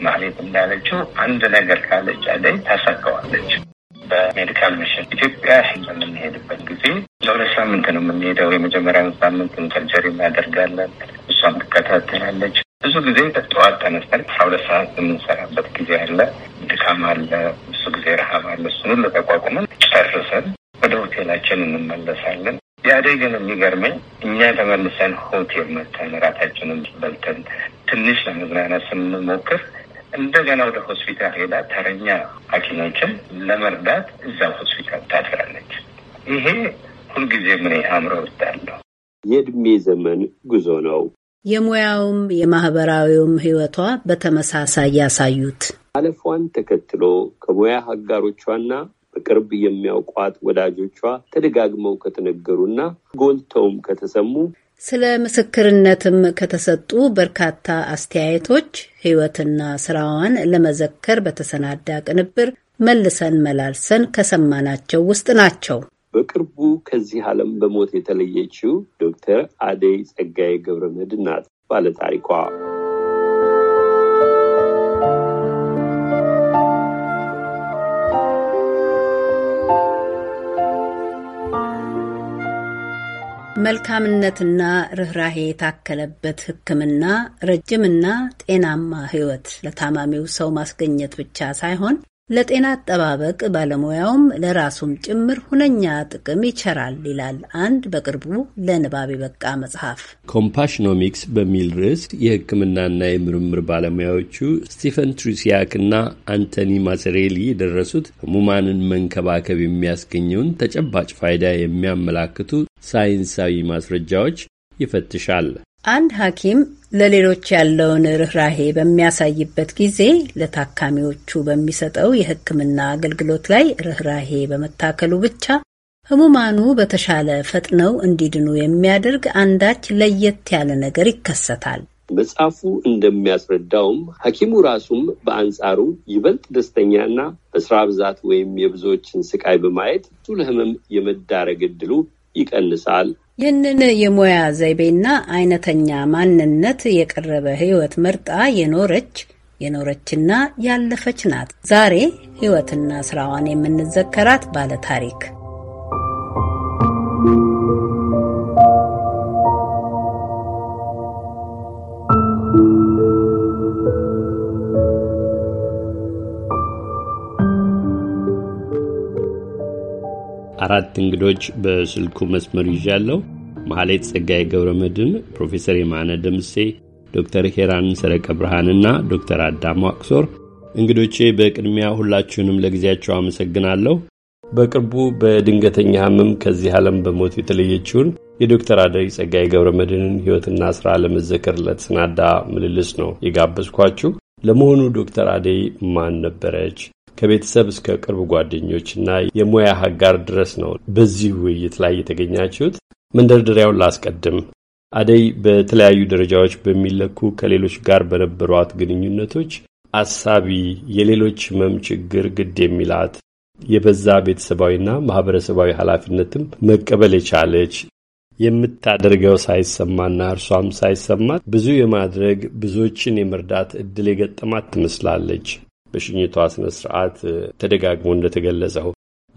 ማህሌት እንዳለችው አንድ ነገር ካለች አደይ ታሳካዋለች። በሜዲካል ሚሽን ኢትዮጵያ በምንሄድበት ጊዜ ለሁለት ሳምንት ነው የምንሄደው። የመጀመሪያውን ሳምንት ኢንተርጀሪ እናደርጋለን። እሷም ትከታተላለች። ብዙ ጊዜ ጠዋት ተነስተን አስራ ሁለት ሰዓት የምንሰራበት ጊዜ አለ። ድካም አለ። ብዙ ጊዜ አለ። ተቋቁመን ጨርሰን ወደ ሆቴላችን እንመለሳለን። ያደግ የሚገርመኝ እኛ ተመልሰን ሆቴል መተን ራታችንን በልተን ትንሽ ለመዝናናት ስንሞክር እንደገና ወደ ሆስፒታል ሄዳ ተረኛ ሐኪሞችን ለመርዳት እዛ ሆስፒታል ታድራለች። ይሄ ሁልጊዜ ምን አእምሮ ውስጥ አለው። የእድሜ ዘመን ጉዞ ነው። የሙያውም የማህበራዊውም ህይወቷ በተመሳሳይ ያሳዩት ማለፏን ተከትሎ ከሙያ አጋሮቿና በቅርብ የሚያውቋት ወዳጆቿ ተደጋግመው ከተነገሩና ጎልተውም ከተሰሙ ስለ ምስክርነትም ከተሰጡ በርካታ አስተያየቶች ሕይወትና ስራዋን ለመዘከር በተሰናዳ ቅንብር መልሰን መላልሰን ከሰማናቸው ውስጥ ናቸው። በቅርቡ ከዚህ ዓለም በሞት የተለየችው ዶክተር አደይ ጸጋዬ ገብረ መድኅን ናት ባለታሪኳ። መልካምነትና ርኅራሄ የታከለበት ሕክምና ረጅምና ጤናማ ሕይወት ለታማሚው ሰው ማስገኘት ብቻ ሳይሆን ለጤና አጠባበቅ ባለሙያውም ለራሱም ጭምር ሁነኛ ጥቅም ይቸራል ይላል አንድ በቅርቡ ለንባብ የበቃ መጽሐፍ። ኮምፓሽኖሚክስ በሚል ርዕስ የሕክምናና የምርምር ባለሙያዎቹ ስቲፈን ትሩሲያክ እና አንቶኒ ማሴሬሊ የደረሱት ሕሙማንን መንከባከብ የሚያስገኘውን ተጨባጭ ፋይዳ የሚያመላክቱ ሳይንሳዊ ማስረጃዎች ይፈትሻል። አንድ ሐኪም ለሌሎች ያለውን ርኅራሄ በሚያሳይበት ጊዜ ለታካሚዎቹ በሚሰጠው የሕክምና አገልግሎት ላይ ርኅራሄ በመታከሉ ብቻ ህሙማኑ በተሻለ ፈጥነው እንዲድኑ የሚያደርግ አንዳች ለየት ያለ ነገር ይከሰታል። መጽሐፉ እንደሚያስረዳውም ሐኪሙ ራሱም በአንጻሩ ይበልጥ ደስተኛና በስራ ብዛት ወይም የብዙዎችን ስቃይ በማየት ለህመም የመዳረግ ዕድሉ ይቀንሳል ይህንን የሙያ ዘይቤና አይነተኛ ማንነት የቀረበ ህይወት መርጣ የኖረች የኖረችና ያለፈች ናት። ዛሬ ህይወትና ስራዋን የምንዘከራት ባለ ታሪክ አራት እንግዶች በስልኩ መስመር ይዣለሁ። መሐሌት ጸጋዬ ገብረ መድን፣ ፕሮፌሰር የማነ ደምሴ፣ ዶክተር ሄራን ሰረቀ ብርሃንና ዶክተር አዳም አክሶር። እንግዶቼ። በቅድሚያ ሁላችሁንም ለጊዜያቸው አመሰግናለሁ። በቅርቡ በድንገተኛ ህመም ከዚህ ዓለም በሞት የተለየችውን የዶክተር አደይ ጸጋይ ገብረ መድንን ሕይወትና ሥራ ለመዘከር ለተሰናዳ ምልልስ ነው የጋበዝኳችሁ። ለመሆኑ ዶክተር አደይ ማን ነበረች? ከቤተሰብ እስከ ቅርብ ጓደኞችና የሙያ ሀጋር ድረስ ነው በዚህ ውይይት ላይ የተገኛችሁት። መንደርደሪያውን ላስቀድም። አደይ በተለያዩ ደረጃዎች በሚለኩ ከሌሎች ጋር በነበሯት ግንኙነቶች አሳቢ፣ የሌሎች ህመም ችግር ግድ የሚላት የበዛ ቤተሰባዊና ማህበረሰባዊ ኃላፊነትም መቀበል የቻለች የምታደርገው ሳይሰማና እርሷም ሳይሰማት ብዙ የማድረግ ብዙዎችን የመርዳት እድል የገጠማት ትመስላለች። በሽኝቷ ስነ ስርዓት ተደጋግሞ እንደተገለጸው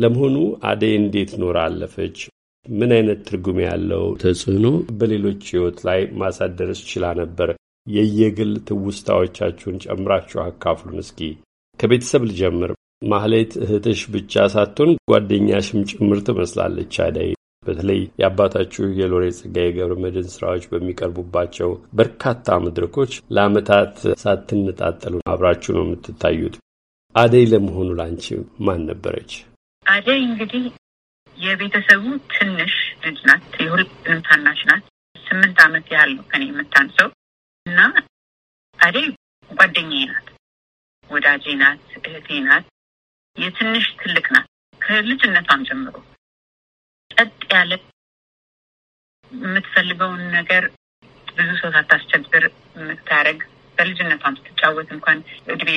ለመሆኑ አደይ እንዴት ኖራ አለፈች? ምን አይነት ትርጉም ያለው ተጽዕኖ በሌሎች ህይወት ላይ ማሳደርስ ችላ ነበር? የየግል ትውስታዎቻችሁን ጨምራችሁ አካፍሉን። እስኪ ከቤተሰብ ልጀምር። ማህሌት እህትሽ ብቻ ሳትሆን ጓደኛሽም ጭምር ትመስላለች አደይ። በተለይ የአባታችሁ የሎሬ ጸጋዬ ገብረ መድን ስራዎች በሚቀርቡባቸው በርካታ መድረኮች ለአመታት ሳትነጣጠሉ አብራችሁ ነው የምትታዩት። አደይ ለመሆኑ ላንቺ ማን ነበረች? አደይ እንግዲህ የቤተሰቡ ትንሽ ልጅ ናት። የሁለት ታናሽ ናት። ስምንት ዓመት ያህል ነው ከኔ የምታንሰው እና አደይ ጓደኛዬ ናት፣ ወዳጄ ናት፣ እህቴ ናት። የትንሽ ትልቅ ናት ከልጅነቷም ጀምሮ ጸጥ ያለ የምትፈልገውን ነገር ብዙ ሰው ሳታስቸግር የምታደርግ በልጅነቷም ስትጫወት እንኳን እድሜ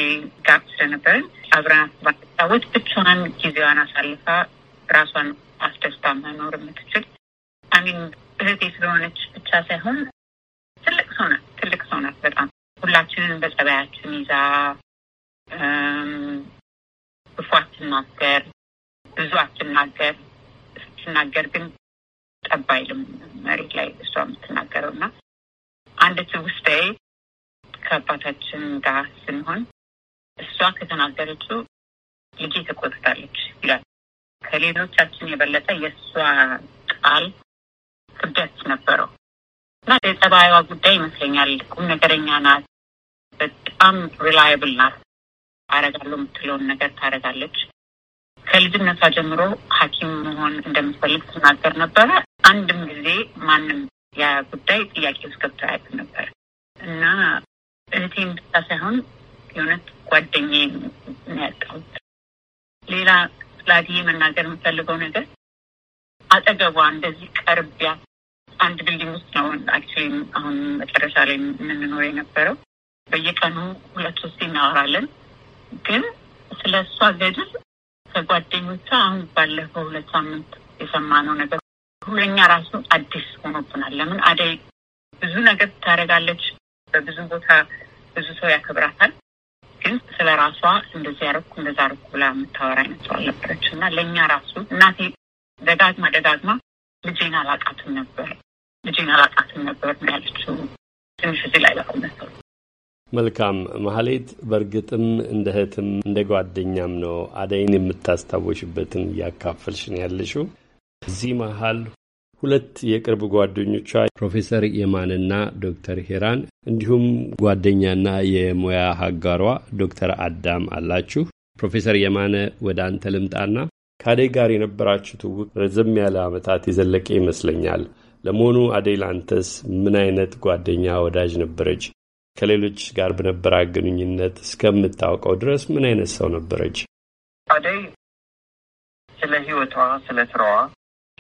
ጋር ስለነበረን አብረናት ባትጫወት ብቻዋን ጊዜዋን አሳልፋ ራሷን አስደስታ መኖር የምትችል አሚን እህቴ ስለሆነች ብቻ ሳይሆን ትልቅ ሰው ናት። ትልቅ ሰው ናት። በጣም ሁላችንን በጸባያችን ይዛ ክፏ ማገር ብዙ አትናገር። ስናገር ግን ጠባይልም መሬት ላይ እሷ የምትናገረው እና አንድ ትውስታዬ ከአባታችን ጋር ስንሆን እሷ ከተናገረችው ልጅ ተቆጥታለች ይላል። ከሌሎቻችን የበለጠ የእሷ ቃል ክብደት ነበረው እና የጸባይዋ ጉዳይ ይመስለኛል። ቁም ነገረኛ ናት። በጣም ሪላይብል ናት። አረጋለሁ የምትለውን ነገር ታረጋለች። ከልጅነቷ ጀምሮ ሐኪም መሆን እንደምትፈልግ ትናገር ነበረ። አንድም ጊዜ ማንም ያ ጉዳይ ጥያቄ ውስጥ ገብቶ አያውቅም ነበር እና እህቴን ብቻ ሳይሆን የእውነት ጓደኛ ያጣሁት። ሌላ ላዲዬ መናገር የምፈልገው ነገር አጠገቧ እንደዚህ ቀርቢያ አንድ ቢልዲንግ ውስጥ ነው አክቹዋሊ አሁን መጨረሻ ላይ የምንኖር የነበረው። በየቀኑ ሁለት ሶስት እናወራለን፣ ግን ስለ እሷ ገድል ከጓደኞቿ አሁን ባለፈው ሁለት ሳምንት የሰማነው ነገር ሁለኛ ራሱ አዲስ ሆኖብናል። ለምን አደይ ብዙ ነገር ታደረጋለች በብዙ ቦታ ብዙ ሰው ያከብራታል። ግን ስለ ራሷ እንደዚህ ያረኩ እንደዚ ረኩ ብላ የምታወራ አይነት ሰው አልነበረች እና ለእኛ ራሱ እናቴ ደጋግማ ደጋግማ ልጄን አላቃትም ነበር ልጄን አላቃትም ነበር ያለችው ትንሽ እዚህ ላይ ላቁመሰሉ መልካም መሀሌት፣ በእርግጥም እንደ እህትም እንደ ጓደኛም ነው አደይን የምታስታወሽበትን እያካፈልሽ ነው ያለሽው። እዚህ መሀል ሁለት የቅርብ ጓደኞቿ ፕሮፌሰር የማንና ዶክተር ሄራን እንዲሁም ጓደኛና የሙያ አጋሯ ዶክተር አዳም አላችሁ። ፕሮፌሰር የማነ ወደ አንተ ልምጣና ከአደይ ጋር የነበራችሁ ትውውቅ ረዘም ያለ ዓመታት የዘለቀ ይመስለኛል። ለመሆኑ አደይ ላንተስ ምን አይነት ጓደኛ ወዳጅ ነበረች? ከሌሎች ጋር በነበረ ግንኙነት እስከምታውቀው ድረስ ምን አይነት ሰው ነበረች አደይ? ስለ ህይወቷ፣ ስለ ስራዋ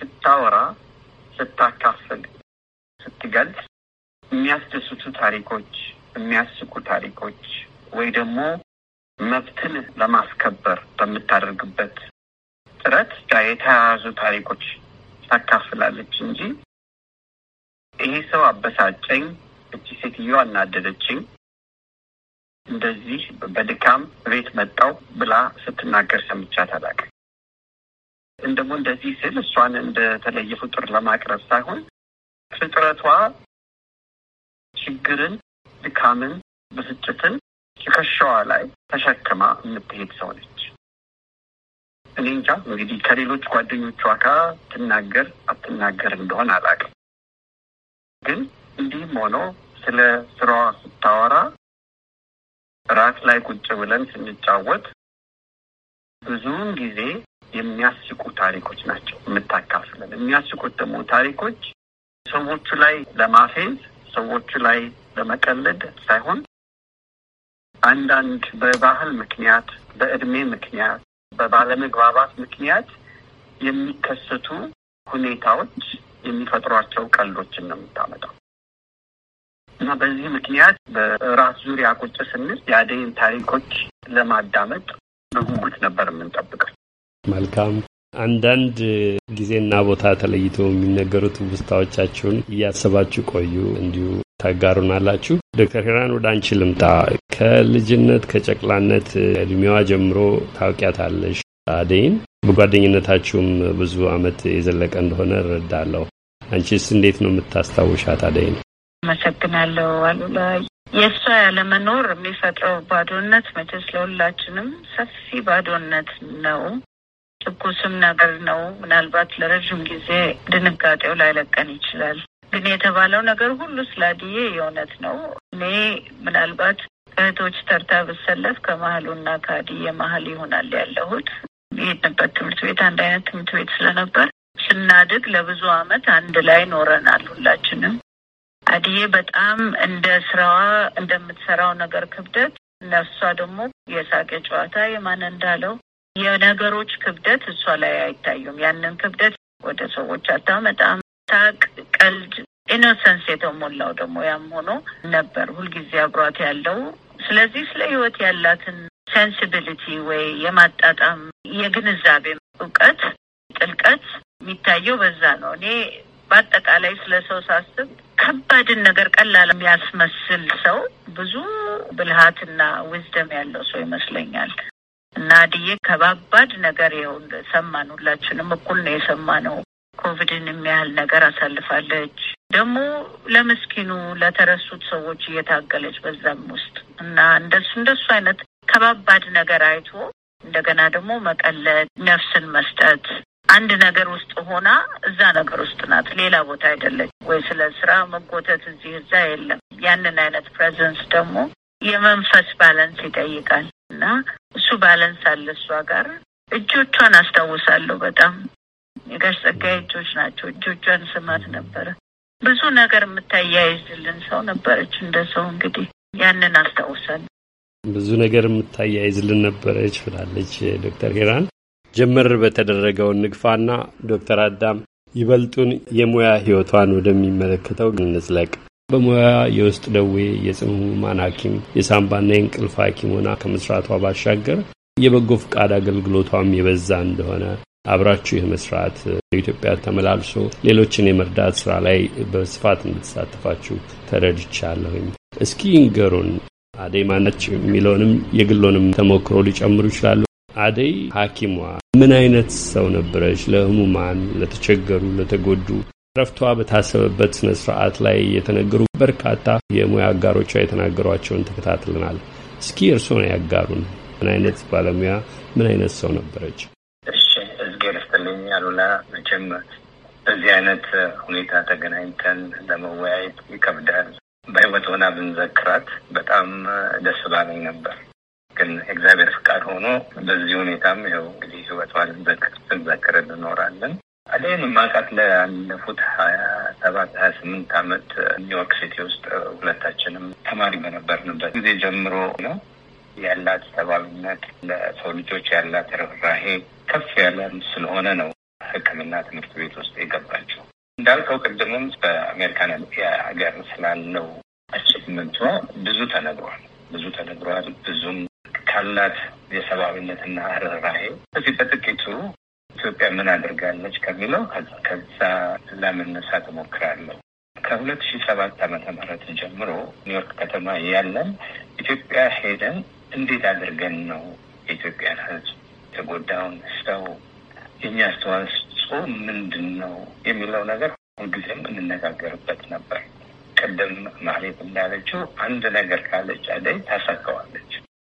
ስታወራ፣ ስታካፍል፣ ስትገልጽ የሚያስደስቱ ታሪኮች፣ የሚያስቁ ታሪኮች ወይ ደግሞ መብትን ለማስከበር በምታደርግበት ጥረት የተያያዙ ታሪኮች ታካፍላለች እንጂ ይሄ ሰው አበሳጨኝ እቺ ሴትዮ አናደደችኝ። እንደዚህ በድካም ቤት መጣው ብላ ስትናገር ሰምቻ ታላቅ ደግሞ እንደዚህ ስል እሷን እንደተለየ ፍጡር ለማቅረብ ሳይሆን ፍጥረቷ ችግርን፣ ድካምን፣ ብስጭትን ትከሻዋ ላይ ተሸክማ የምትሄድ ሰው ነች። እኔ እንጃ እንግዲህ ከሌሎች ጓደኞቿ ጋር ትናገር አትናገር እንደሆን አላቅም ግን እንዲህም ሆኖ ስለ ስራዋ ስታወራ ራት ላይ ቁጭ ብለን ስንጫወት ብዙውን ጊዜ የሚያስቁ ታሪኮች ናቸው የምታካፍለን። የሚያስቁት ደግሞ ታሪኮች ሰዎቹ ላይ ለማፌዝ ሰዎቹ ላይ ለመቀለድ ሳይሆን አንዳንድ በባህል ምክንያት፣ በእድሜ ምክንያት፣ በባለመግባባት ምክንያት የሚከሰቱ ሁኔታዎች የሚፈጥሯቸው ቀልዶችን ነው የምታመጣው። እና በዚህ ምክንያት በራስ ዙሪያ ቁጭ ስንል የአደይን ታሪኮች ለማዳመጥ በጉጉት ነበር የምንጠብቀው። መልካም አንዳንድ ጊዜና ቦታ ተለይቶ የሚነገሩት ውስታዎቻችሁን እያሰባችሁ ቆዩ እንዲሁ ታጋሩናላችሁ። ዶክተር ሄራን ወደ አንቺ ልምጣ። ከልጅነት ከጨቅላነት እድሜዋ ጀምሮ ታውቂያታለሽ አደይን። በጓደኝነታችሁም ብዙ አመት የዘለቀ እንደሆነ እረዳለሁ። አንቺስ እንዴት ነው የምታስታውሻት አደይን? አመሰግናለሁ አሉላ። የእሷ ያለመኖር የሚፈጥረው ባዶነት መቼስ ለሁላችንም ሰፊ ባዶነት ነው። ትኩስም ነገር ነው። ምናልባት ለረዥም ጊዜ ድንጋጤው ላይለቀን ይችላል። ግን የተባለው ነገር ሁሉ ስላድዬ የእውነት ነው። እኔ ምናልባት እህቶች ተርታ ብሰለፍ ከመሀሉና ከአድዬ መሀል ይሆናል ያለሁት። የሄድንበት ትምህርት ቤት አንድ አይነት ትምህርት ቤት ስለነበር ስናድግ ለብዙ ዓመት አንድ ላይ ኖረናል ሁላችንም አድዬ በጣም እንደ ስራዋ እንደምትሰራው ነገር ክብደት እነሷ ደግሞ የሳቄ ጨዋታ የማን እንዳለው የነገሮች ክብደት እሷ ላይ አይታዩም። ያንን ክብደት ወደ ሰዎች አታመጣም። ሳቅ፣ ቀልድ፣ ኢኖሰንስ የተሞላው ደግሞ ያም ሆኖ ነበር ሁልጊዜ አብሯት ያለው። ስለዚህ ስለ ህይወት ያላትን ሴንሲቢሊቲ ወይ የማጣጣም የግንዛቤ እውቀት ጥልቀት የሚታየው በዛ ነው። እኔ በአጠቃላይ ስለ ሰው ሳስብ ከባድን ነገር ቀላል የሚያስመስል ሰው ብዙ ብልሃትና ዊዝደም ያለው ሰው ይመስለኛል። እና ድዬ ከባባድ ነገር ይኸው ሰማን፣ ሁላችንም እኩል ነው የሰማነው። ኮቪድን የሚያህል ነገር አሳልፋለች። ደግሞ ለምስኪኑ ለተረሱት ሰዎች እየታገለች በዛም ውስጥ እና እንደሱ እንደሱ አይነት ከባባድ ነገር አይቶ እንደገና ደግሞ መቀለድ፣ ነፍስን መስጠት አንድ ነገር ውስጥ ሆና እዛ ነገር ውስጥ ናት። ሌላ ቦታ አይደለች ወይ ስለ ስራ መጎተት እዚህ እዛ የለም። ያንን አይነት ፕሬዘንስ ደግሞ የመንፈስ ባላንስ ይጠይቃል እና እሱ ባላንስ አለ እሷ ጋር። እጆቿን አስታውሳለሁ በጣም የጋሽ ጸጋዬ እጆች ናቸው። እጆቿን ስማት ነበረ። ብዙ ነገር የምታያይዝልን ሰው ነበረች። እንደ ሰው እንግዲህ ያንን አስታውሳለሁ። ብዙ ነገር የምታያይዝልን ነበረች ብላለች ዶክተር ሄራን ጀመር በተደረገው ንግፋና ዶክተር አዳም ይበልጡን የሙያ ህይወቷን ወደሚመለከተው እንዝለቅ። በሙያ የውስጥ ደዌ የጽኑ ህሙማን ሐኪም የሳምባና የእንቅልፍ ሐኪም ሆና ከመስራቷ ባሻገር የበጎ ፈቃድ አገልግሎቷም የበዛ እንደሆነ አብራችሁ ይህ መስራት ኢትዮጵያ ተመላልሶ ሌሎችን የመርዳት ስራ ላይ በስፋት እንድትሳተፋችሁ ተረድቻለሁኝ። እስኪ ንገሩን አዴ ማነች የሚለውንም የግሎንም ተሞክሮ ሊጨምሩ ይችላሉ። አደይ ሐኪሟ ምን አይነት ሰው ነበረች? ለህሙማን፣ ለተቸገሩ፣ ለተጎዱ ረፍቷ በታሰበበት ስነ ስርዓት ላይ የተነገሩ በርካታ የሙያ አጋሮቿ የተናገሯቸውን ተከታትለናል። እስኪ እርስዎን ያጋሩን። ምን አይነት ባለሙያ፣ ምን አይነት ሰው ነበረች? እሺ እዝጌር ይስጥልኝ አሉላ። መቼም እዚህ አይነት ሁኔታ ተገናኝተን ለመወያየት ይከብዳል። በህይወት ሆና ብንዘክራት በጣም ደስ ባለኝ ነበር። ግን እግዚአብሔር ፍቃድ ሆኖ በዚህ ሁኔታም ያው እንግዲህ ህይወቷን ስንዘክር እንኖራለን። እኔን ማቃት ላለፉት ሀያ ሰባት ሀያ ስምንት ዓመት ኒውዮርክ ሲቲ ውስጥ ሁለታችንም ተማሪ በነበርንበት ጊዜ ጀምሮ ነው ያላት ሰብአዊነት፣ ለሰው ልጆች ያላት ርኅራሄ ከፍ ያለም ስለሆነ ነው ሕክምና ትምህርት ቤት ውስጥ የገባቸው። እንዳልከው ቅድምም በአሜሪካን የሀገር ስላለው አቺቭመንቷ ብዙ ተነግሯል፣ ብዙ ተነግሯል። ብዙም ካላት የሰብአዊነትና ርኅራሄ እዚህ በጥቂቱ ኢትዮጵያ ምን አድርጋለች ከሚለው ከዛ ለመነሳት እሞክራለሁ። ከሁለት ሺ ሰባት ዓመተ ምህረት ጀምሮ ኒውዮርክ ከተማ ያለን ኢትዮጵያ ሄደን እንዴት አድርገን ነው የኢትዮጵያን ሕዝብ የጎዳውን ሰው የእኛ አስተዋጽኦ ምንድን ነው የሚለው ነገር ሁልጊዜም እንነጋገርበት ነበር። ቅድም ማህሌት እንዳለችው አንድ ነገር ካለች አደይ ታሳካዋለች።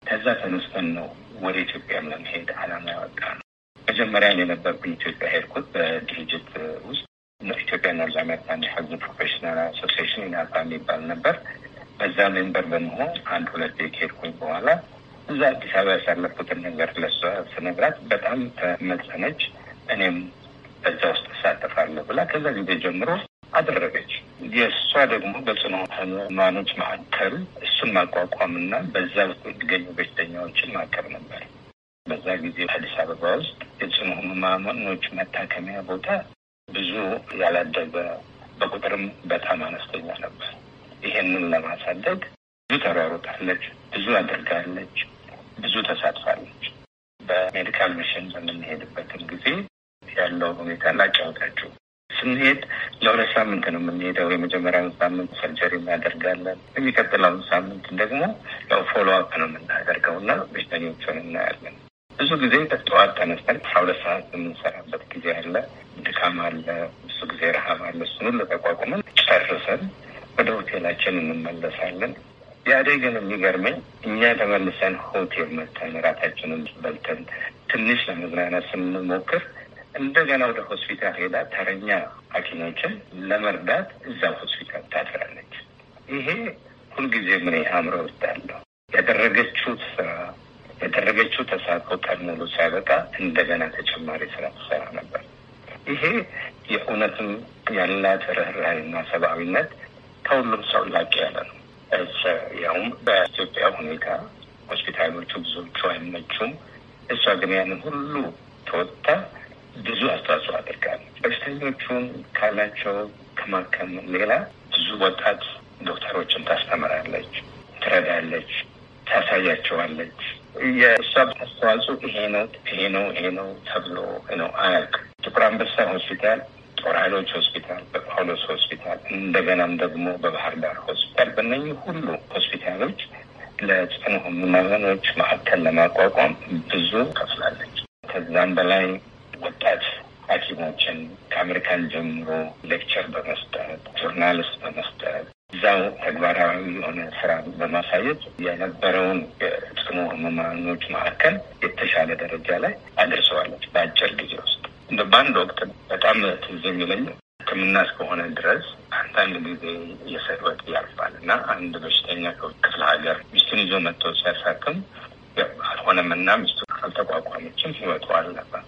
ከዛ ተነስተን ነው ወደ ኢትዮጵያ ለመሄድ አላማ ያወጣ ነው። መጀመሪያ የነበርኩኝ ኢትዮጵያ ሄድኩት በድርጅት ውስጥ ኢትዮጵያ ኖርዝ አሜሪካን የሕግ ፕሮፌሽናል አሶሲሽን ኢናፓ የሚባል ነበር። በዛ ሜምበር በመሆን አንድ ሁለት ከሄድኩኝ በኋላ እዛ አዲስ አበባ ያሳለፍኩትን ነገር ለሷ ስነግራት በጣም ተመጸነች። እኔም በዛ ውስጥ እሳተፋለሁ ብላ ከዛ ጊዜ ጀምሮ አደረገች። የእሷ ደግሞ በጽኑ ህሙማኖች ማዕከል እሱን ማቋቋምና በዛ የሚገኙ በሽተኛዎችን ማከር ነበር። በዛ ጊዜ አዲስ አበባ ውስጥ የጽኑ ህሙማኖች መታከሚያ ቦታ ብዙ ያላደገ በቁጥርም በጣም አነስተኛ ነበር። ይሄንን ለማሳደግ ብዙ ተሯሩጣለች፣ ብዙ አድርጋለች፣ ብዙ ተሳትፋለች። በሜዲካል ሚሽን በምንሄድበትም ጊዜ ያለው ሁኔታ ላጫወታችሁ ስንሄድ ለሁለት ሳምንት ነው የምንሄደው። የመጀመሪያውን ሳምንት ሰርጀሪ እናደርጋለን። የሚቀጥለውን ሳምንት ደግሞ ያው ፎሎ አፕ ነው የምናደርገው እና በሽተኞቹን እናያለን። ብዙ ጊዜ ጠዋት ተነስተን አስራ ሁለት ሰዓት የምንሰራበት ጊዜ አለ። ድካም አለ፣ ብዙ ጊዜ ረሃብ አለ። እሱን ለተቋቁመን ጨርሰን ወደ ሆቴላችን እንመለሳለን። ያደ ግን የሚገርመኝ እኛ ተመልሰን ሆቴል መተን እራታችንን በልተን ትንሽ ለመዝናናት ስንሞክር እንደገና ወደ ሆስፒታል ሄዳ ተረኛ ሐኪሞችን ለመርዳት እዛ ሆስፒታል ታድራለች። ይሄ ሁልጊዜ ምን አእምሮ ውስጥ አለው። ያደረገችው ስራ ያደረገችው ተሳትፎ ቀን ሙሉ ሳይበቃ እንደገና ተጨማሪ ስራ ትሰራ ነበር። ይሄ የእውነትም ያላት ርኅራኄና ሰብአዊነት ከሁሉም ሰው ላቅ ያለ ነው። ያውም በኢትዮጵያ ሁኔታ ሆስፒታሎቹ ብዙዎቹ አይመቹም። እሷ ግን ያንን ሁሉ ተወጥታ ብዙ አስተዋጽኦ አድርጋል። በሽተኞቹን ካላቸው ከማከም ሌላ ብዙ ወጣት ዶክተሮችን ታስተምራለች፣ ትረዳለች፣ ታሳያቸዋለች። የእሷ አስተዋጽኦ ይሄ ነው ይሄ ነው ይሄ ነው ተብሎ ነው አያልቅም። ጥቁር አንበሳ ሆስፒታል፣ ጦር ኃይሎች ሆስፒታል፣ በጳውሎስ ሆስፒታል፣ እንደገናም ደግሞ በባህር ዳር ሆስፒታል በእነኝህ ሁሉ ሆስፒታሎች ለጽኑ ህሙማኖች ማዕከል ለማቋቋም ብዙ ከፍላለች። ከዛም በላይ ወጣት ሐኪሞችን ከአሜሪካን ጀምሮ ሌክቸር በመስጠት ጆርናሊስት በመስጠት እዛው ተግባራዊ የሆነ ስራ በማሳየት የነበረውን የጽኑ ህሙማኖች መካከል የተሻለ ደረጃ ላይ አድርሰዋለች በአጭር ጊዜ ውስጥ። እንደ በአንድ ወቅት በጣም ትዝ የሚለኝ ሕክምና እስከሆነ ድረስ አንዳንድ ጊዜ የሰድወት ያልፋል እና አንድ በሽተኛ ክፍለ ሀገር ሚስቱን ይዞ መጥቶ ሲያሳክም አልሆነም እና ሚስቱ አልተቋቋመችም፣ ህይወቱ አልነበር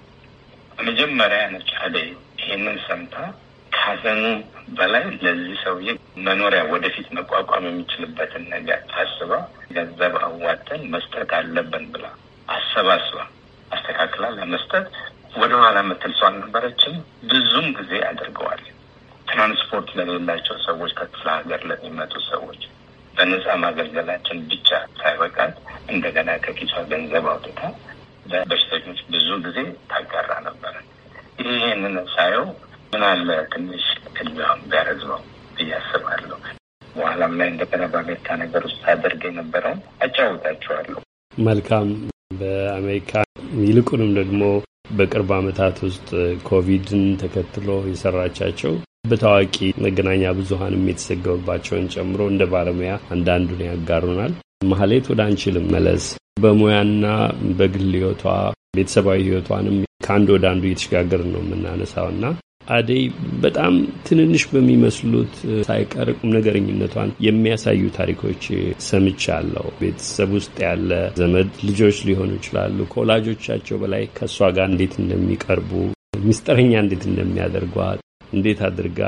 መጀመሪያ ነጭ አደይ ይሄንን ሰምታ ካዘኑ በላይ ለዚህ ሰውዬ መኖሪያ ወደፊት መቋቋም የሚችልበትን ነገር አስባ ገንዘብ አዋተን መስጠት አለብን ብላ አሰባስባ አስተካክላ ለመስጠት ወደኋላ የምትል ሰው አልነበረችም። ብዙም ጊዜ አድርገዋል። ትራንስፖርት ለሌላቸው ሰዎች፣ ከክፍለ ሀገር ለሚመጡ ሰዎች በነፃ ማገልገላችን ብቻ ሳይበቃት እንደገና ከኪሷ ገንዘብ አውጥታ በሽተኞች ብዙ ጊዜ ታጋራ ነበረ። ይህንን ሳየው አለ ትንሽ ክልም ቢያረዝመው እያስባለሁ። በኋላም ላይ እንደገና በአሜሪካ ነገር ውስጥ አደርግ የነበረውን አጫወታችኋለሁ። መልካም። በአሜሪካ ይልቁንም ደግሞ በቅርብ ዓመታት ውስጥ ኮቪድን ተከትሎ የሰራቻቸው በታዋቂ መገናኛ ብዙኃንም የተዘገበባቸውን ጨምሮ እንደ ባለሙያ አንዳንዱን ያጋሩናል። ማህሌት ወደ አንቺ ልመለስ። በሙያና በግል ህይወቷ ቤተሰባዊ ህይወቷንም ከአንድ ወደ አንዱ እየተሸጋገርን ነው የምናነሳው እና አደይ በጣም ትንንሽ በሚመስሉት ሳይቀር ቁም ነገረኝነቷን የሚያሳዩ ታሪኮች ሰምቻለሁ። ቤተሰብ ውስጥ ያለ ዘመድ ልጆች ሊሆኑ ይችላሉ። ከወላጆቻቸው በላይ ከእሷ ጋር እንዴት እንደሚቀርቡ ሚስጥረኛ እንዴት እንደሚያደርጓት እንዴት አድርጋ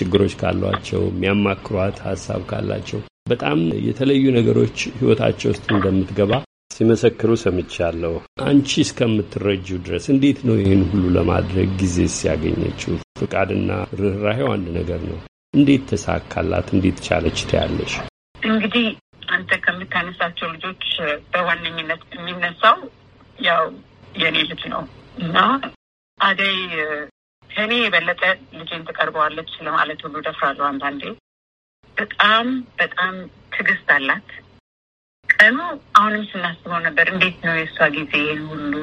ችግሮች ካሏቸው የሚያማክሯት ሀሳብ ካላቸው በጣም የተለዩ ነገሮች ህይወታቸው ውስጥ እንደምትገባ ሲመሰክሩ ሰምቻለሁ። አንቺ እስከምትረጁ ድረስ እንዴት ነው ይህን ሁሉ ለማድረግ ጊዜ ሲያገኘችው? ፍቃድና ርኅራሄው አንድ ነገር ነው። እንዴት ተሳካላት? እንዴት ቻለች ትያለሽ? እንግዲህ አንተ ከምታነሳቸው ልጆች በዋነኝነት የሚነሳው ያው የእኔ ልጅ ነው እና አደይ ከእኔ የበለጠ ልጅን ትቀርበዋለች ለማለት ሁሉ ደፍራለሁ አንዳንዴ በጣም በጣም ትዕግስት አላት። ቀኑ አሁንም ስናስበው ነበር፣ እንዴት ነው የእሷ ጊዜ ሁሉ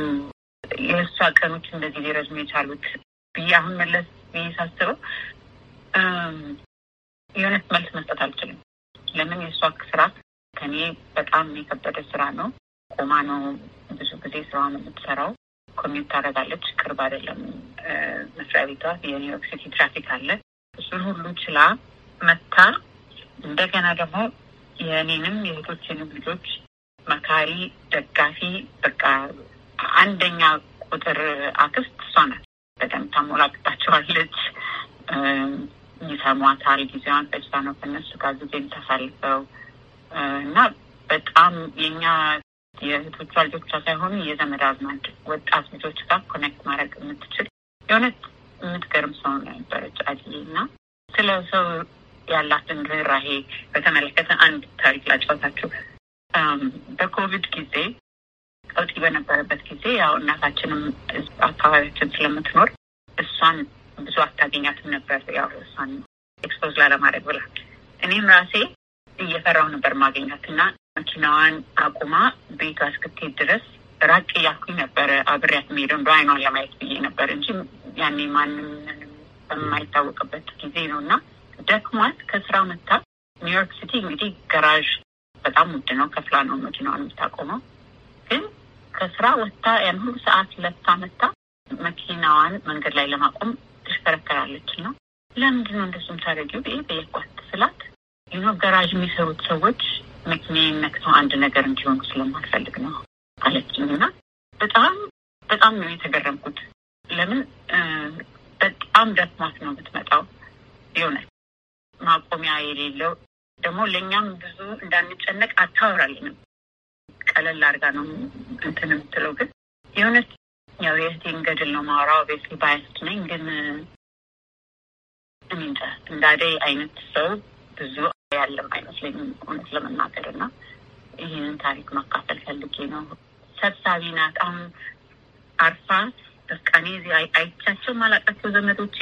የእሷ ቀኖች እንደዚህ ሊረዝሙ የቻሉት ብዬ አሁን መለስ ብዬ ሳስበው የእውነት መልስ መስጠት አልችልም። ለምን የእሷ ስራ ከኔ በጣም የከበደ ስራ ነው። ቆማ ነው ብዙ ጊዜ ስራ ነው የምትሰራው። ኮሚዩት ታደርጋለች። ቅርብ አይደለም መስሪያ ቤቷ። የኒውዮርክ ሲቲ ትራፊክ አለ። እሱን ሁሉ ችላ መታ እንደገና ደግሞ የእኔንም የእህቶችንም ልጆች መካሪ፣ ደጋፊ በቃ አንደኛ ቁጥር አክስት እሷ ናት። በደንብ ታሞላቅጣቸዋለች፣ ይሰሟታል። ጊዜዋን ፈጅታ ነው ከነሱ ጋር ጊዜም ተሳልፈው እና በጣም የኛ የእህቶቿ ልጆቿ ሳይሆኑ የዘመድ አዝማድ ወጣት ልጆች ጋር ኮኔክት ማድረግ የምትችል የእውነት የምትገርም ሰው ነው ነበረች አድዬ እና ስለ ሰው ያላትን ርኅራሄ በተመለከተ አንድ ታሪክ ላጫወታችሁ። በኮቪድ ጊዜ ቀውጢ በነበረበት ጊዜ ያው እናታችንም አካባቢያችን ስለምትኖር እሷን ብዙ አታገኛትም ነበር። ያው እሷን ኤክስፖዝ ላለማድረግ ብላ እኔም ራሴ እየፈራው ነበር ማገኛት እና መኪናዋን አቁማ ቤቷ እስክትሄድ ድረስ ራቅ እያልኩኝ ነበረ አብሬያት የምሄደው እንደ አይኗን ለማየት ብዬ ነበር እንጂ ያኔ ማንም በማይታወቅበት ጊዜ ነው እና ደክሟት ከስራ መታ ኒውዮርክ ሲቲ እንግዲህ ገራዥ በጣም ውድ ነው። ከፍላ ነው መኪናዋን የምታቆመው። ግን ከስራ ወጥታ ያን ሁሉ ሰዓት ለፍታ መታ መኪናዋን መንገድ ላይ ለማቆም ትሽከረከራለች ነው ለምንድን ነው እንደሱ የምታደርጊው ብዬ ጠየኳት ስላት ይኖ ገራዥ የሚሰሩት ሰዎች መኪናዬን ነክተው አንድ ነገር እንዲሆኑ ስለማልፈልግ ነው አለችኝ እና በጣም በጣም ነው የተገረምኩት። ለምን በጣም ደክሟት ነው የምትመጣው የሆነ ማቆሚያ የሌለው ደግሞ ለእኛም ብዙ እንዳንጨነቅ አታወራልንም። ቀለል አድርጋ ነው እንትን የምትለው። ግን የእውነት ያው የእህቴን ገድል ነው ማውራው። ቤት ባያስት ነኝ ግን እኔ እንጃ እንዳደይ አይነት ሰው ብዙ ያለም አይመስለኝም እውነት ለመናገር እና ይህንን ታሪክ መካፈል ፈልጌ ነው። ሰብሳቢ ናት። አሁን አርፋ በቃ እኔ እዚህ አይቻቸው ማላቃቸው ዘመዶቼ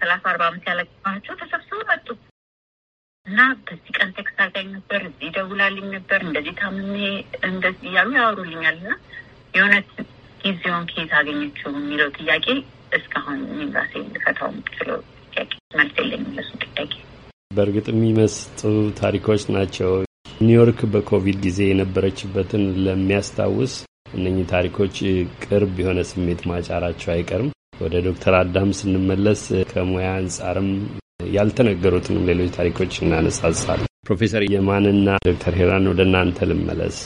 ሰላሳ አርባ አመት ያለባቸው ተሰብስበው መጡ። እና በዚህ ቀን ቴክስት አገኝ ነበር፣ እዚህ ደውላልኝ ነበር፣ እንደዚህ ታምሜ እንደዚህ እያሉ ያወሩልኛል። እና የእውነት ጊዜውን ከየት አገኘችው የሚለው ጥያቄ እስካሁን እኔም ራሴ ልፈታው የምችለው ጥያቄ መልስ የለኝም ለሱ ጥያቄ። በእርግጥ የሚመስጡ ታሪኮች ናቸው። ኒውዮርክ በኮቪድ ጊዜ የነበረችበትን ለሚያስታውስ እነኚህ ታሪኮች ቅርብ የሆነ ስሜት ማጫራቸው አይቀርም። ወደ ዶክተር አዳም ስንመለስ ከሙያ አንጻርም ያልተነገሩትንም ሌሎች ታሪኮች እናነሳሳለን። ፕሮፌሰር የማንና ዶክተር ሄራን ወደ እናንተ ልመለስ።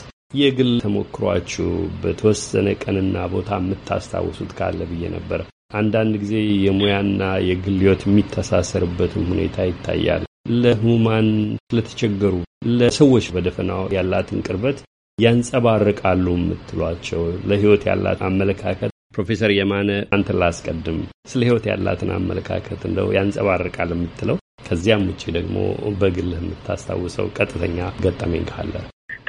የግል ተሞክሯችሁ በተወሰነ ቀንና ቦታ የምታስታውሱት ካለ ብዬ ነበር። አንዳንድ ጊዜ የሙያና የግል ሕይወት የሚተሳሰርበትም ሁኔታ ይታያል። ለህሙማን ለተቸገሩ ለሰዎች በደፈናው ያላትን ቅርበት ያንጸባርቃሉ የምትሏቸው ለህይወት ያላት አመለካከት ፕሮፌሰር የማነ አንተ ላስቀድም ስለ ህይወት ያላትን አመለካከት እንደው ያንጸባርቃል የምትለው ከዚያም ውጭ ደግሞ በግልህ የምታስታውሰው ቀጥተኛ ገጠመኝ ካለ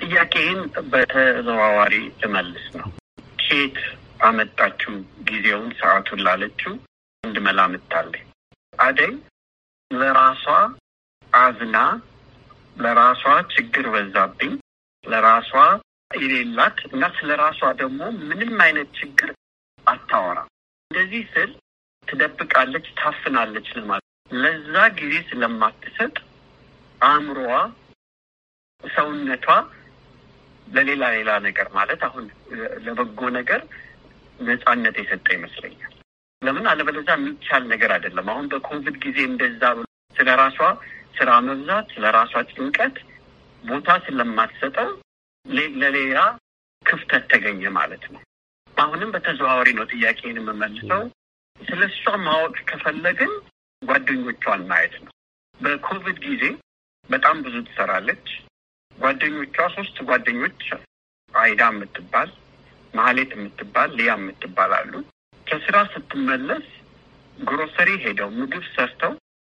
ጥያቄን በተዘዋዋሪ ልመልስ ነው። ኬት አመጣችው ጊዜውን ሰዓቱን ላለችው አንድ መላምት አደይ ለራሷ አዝና ለራሷ ችግር በዛብኝ ለራሷ የሌላት እና ስለ ራሷ ደግሞ ምንም አይነት ችግር አታወራም። እንደዚህ ስል ትደብቃለች፣ ታፍናለች ለማለት ለዛ ጊዜ ስለማትሰጥ አእምሮዋ፣ ሰውነቷ ለሌላ ሌላ ነገር ማለት አሁን ለበጎ ነገር ነጻነት የሰጠ ይመስለኛል። ለምን አለበለዛ የሚቻል ነገር አይደለም። አሁን በኮቪድ ጊዜ እንደዛ ስለ ራሷ ስራ መብዛት፣ ስለ ራሷ ጭንቀት ቦታ ስለማትሰጠው ለሌላ ክፍተት ተገኘ ማለት ነው። አሁንም በተዘዋዋሪ ነው ጥያቄን የምመልሰው። ስለ እሷ ማወቅ ከፈለግን ጓደኞቿን ማየት ነው። በኮቪድ ጊዜ በጣም ብዙ ትሰራለች። ጓደኞቿ ሶስት ጓደኞች አይዳ የምትባል ማህሌት የምትባል ሊያ የምትባል አሉ። ከስራ ስትመለስ ግሮሰሪ ሄደው ምግብ ሰርተው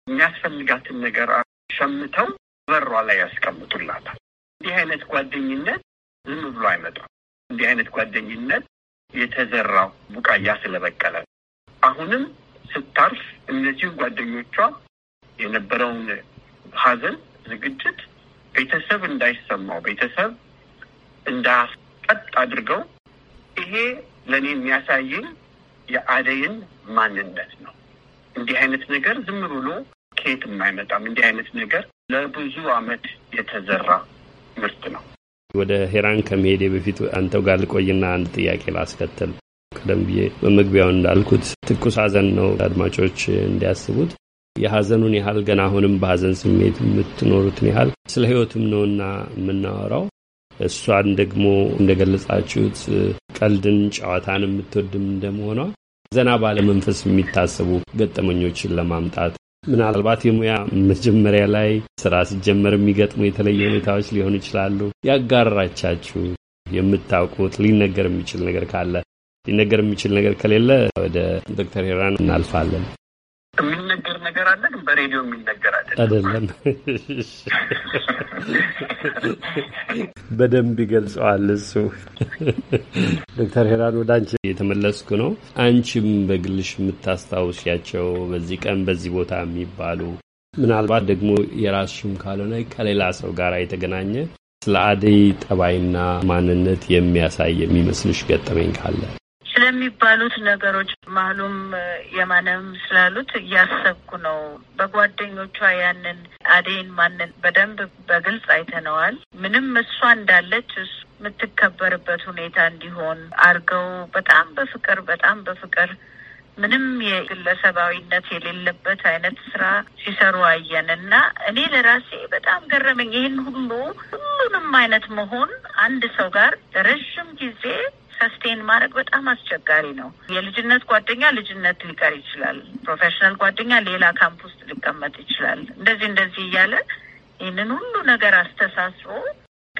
የሚያስፈልጋትን ነገር ሸምተው በሯ ላይ ያስቀምጡላታል። እንዲህ አይነት ጓደኝነት ዝም ብሎ አይመጣም። እንዲህ አይነት ጓደኝነት የተዘራው ቡቃያ ስለበቀለ አሁንም ስታርፍ እነዚህ ጓደኞቿ የነበረውን ሀዘን ዝግጅት ቤተሰብ እንዳይሰማው ቤተሰብ እንዳያስቀጥ አድርገው ይሄ ለእኔ የሚያሳየኝ የአደይን ማንነት ነው። እንዲህ አይነት ነገር ዝም ብሎ ከየት አይመጣም። እንዲህ አይነት ነገር ለብዙ አመት የተዘራ ምርት ነው። ወደ ሄራን ከመሄዴ በፊት አንተው ጋር ልቆይና አንድ ጥያቄ ላስከተል። ቀደም ብዬ በመግቢያው እንዳልኩት ትኩስ ሀዘን ነው። አድማጮች እንዲያስቡት የሀዘኑን ያህል ገና አሁንም በሀዘን ስሜት የምትኖሩትን ያህል ስለ ሕይወትም ነውና የምናወራው። እሷን ደግሞ እንደገለጻችሁት ቀልድን፣ ጨዋታን የምትወድም እንደመሆኗ ዘና ባለመንፈስ የሚታሰቡ ገጠመኞችን ለማምጣት ምናልባት የሙያ መጀመሪያ ላይ ስራ ሲጀመር የሚገጥሙ የተለየ ሁኔታዎች ሊሆኑ ይችላሉ። ያጋራቻችሁ የምታውቁት ሊነገር የሚችል ነገር ካለ ሊነገር የሚችል ነገር ከሌለ ወደ ዶክተር ሄራን እናልፋለን። የሚነገር ነገር አለ፣ ግን በሬዲዮ የሚነገር አይደለም። በደንብ ይገልጸዋል እሱ። ዶክተር ሄራን ወደ አንቺ የተመለስኩ ነው። አንቺም በግልሽ የምታስታውሻቸው በዚህ ቀን በዚህ ቦታ የሚባሉ ምናልባት ደግሞ የራስሽም ካልሆነ ከሌላ ሰው ጋር የተገናኘ ስለ አደይ ጠባይና ማንነት የሚያሳይ የሚመስልሽ ገጠመኝ ካለ ስለሚባሉት ነገሮች ማህሉም የማነም ስላሉት እያሰብኩ ነው። በጓደኞቿ ያንን አዴን ማንን በደንብ በግልጽ አይተነዋል። ምንም እሷ እንዳለች የምትከበርበት ሁኔታ እንዲሆን አርገው በጣም በፍቅር በጣም በፍቅር ምንም የግለሰባዊነት የሌለበት አይነት ስራ ሲሰሩ አየን እና እኔ ለራሴ በጣም ገረመኝ። ይህን ሁሉ ሁሉንም አይነት መሆን አንድ ሰው ጋር ለረዥም ጊዜ ሰስቴን ማድረግ በጣም አስቸጋሪ ነው። የልጅነት ጓደኛ ልጅነት ሊቀር ይችላል። ፕሮፌሽናል ጓደኛ ሌላ ካምፕ ውስጥ ሊቀመጥ ይችላል። እንደዚህ እንደዚህ እያለ ይህንን ሁሉ ነገር አስተሳስሮ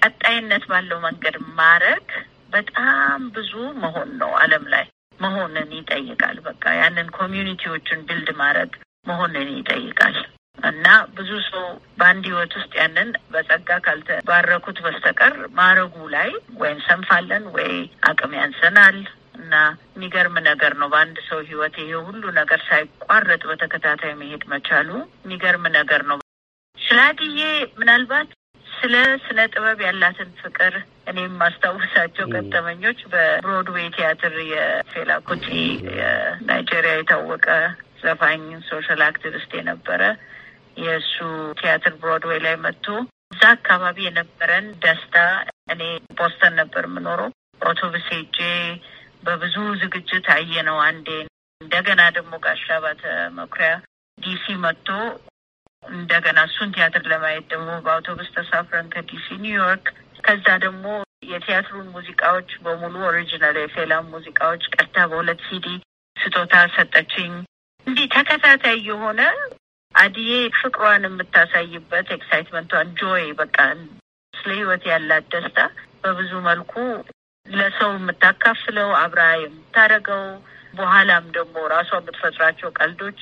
ቀጣይነት ባለው መንገድ ማድረግ በጣም ብዙ መሆን ነው አለም ላይ መሆንን ይጠይቃል። በቃ ያንን ኮሚዩኒቲዎችን ቢልድ ማድረግ መሆንን ይጠይቃል እና ብዙ ሰው በአንድ ህይወት ውስጥ ያንን በጸጋ ካልተባረኩት በስተቀር ማረጉ ላይ ወይ እንሰንፋለን ወይ አቅም ያንሰናል። እና የሚገርም ነገር ነው። በአንድ ሰው ህይወት ይሄ ሁሉ ነገር ሳይቋረጥ በተከታታይ መሄድ መቻሉ የሚገርም ነገር ነው። ስላድዬ ምናልባት ስለ ስነ ጥበብ ያላትን ፍቅር እኔ የማስታውሳቸው ገጠመኞች በብሮድዌይ ቲያትር የፌላ kuti የናይጄሪያ የታወቀ ዘፋኝ ሶሻል አክቲቪስት የነበረ የእሱ ቲያትር ብሮድዌይ ላይ መጥቶ እዛ አካባቢ የነበረን ደስታ እኔ ቦስተን ነበር የምኖረው። ኦቶብስ ሄጄ በብዙ ዝግጅት አየ ነው አንዴ። እንደገና ደግሞ ጋሻ ባተ መኩሪያ ዲሲ መጥቶ እንደገና እሱን ቲያትር ለማየት ደግሞ በአውቶቡስ ተሳፍረን ከዲሲ ኒውዮርክ፣ ከዛ ደግሞ የቲያትሩን ሙዚቃዎች በሙሉ ኦሪጂናል የፌላም ሙዚቃዎች ቀዳ በሁለት ሲዲ ስጦታ ሰጠችኝ። እንዲህ ተከታታይ የሆነ አድዬ ፍቅሯን የምታሳይበት ኤክሳይትመንቷን ጆይ በቃ ስለ ህይወት ያላት ደስታ በብዙ መልኩ ለሰው የምታካፍለው አብራ የምታደርገው በኋላም ደግሞ ራሷ የምትፈጥራቸው ቀልዶች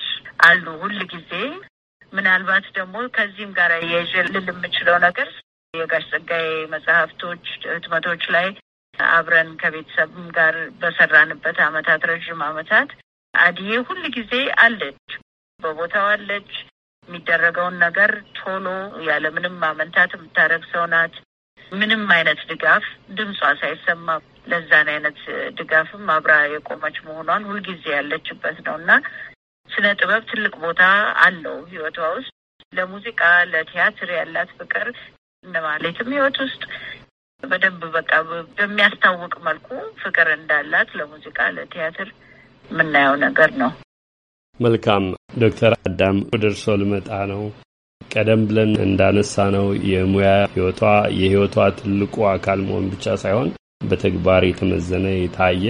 አሉ ሁል ጊዜ ምናልባት ደግሞ ከዚህም ጋር የይዤ ልል የምችለው ነገር የጋሽ ጸጋዬ መጽሐፍቶች ህትመቶች ላይ አብረን ከቤተሰብም ጋር በሰራንበት አመታት ረዥም አመታት አድዬ ሁል ጊዜ አለች፣ በቦታው አለች። የሚደረገውን ነገር ቶሎ ያለምንም ማመንታት የምታደረግ ሰው ናት። ምንም አይነት ድጋፍ ድምጿ ሳይሰማ ለዛን አይነት ድጋፍም አብራ የቆመች መሆኗን ሁልጊዜ ያለችበት ነው እና ስነ ጥበብ ትልቅ ቦታ አለው ህይወቷ ውስጥ። ለሙዚቃ ለቲያትር ያላት ፍቅር እንደማለትም ህይወት ውስጥ በደንብ በቃ በሚያስታውቅ መልኩ ፍቅር እንዳላት ለሙዚቃ ለቲያትር የምናየው ነገር ነው። መልካም ዶክተር አዳም ወደ እርሶ ልመጣ ነው። ቀደም ብለን እንዳነሳ ነው የሙያ ህይወቷ የህይወቷ ትልቁ አካል መሆን ብቻ ሳይሆን በተግባር የተመዘነ የታየ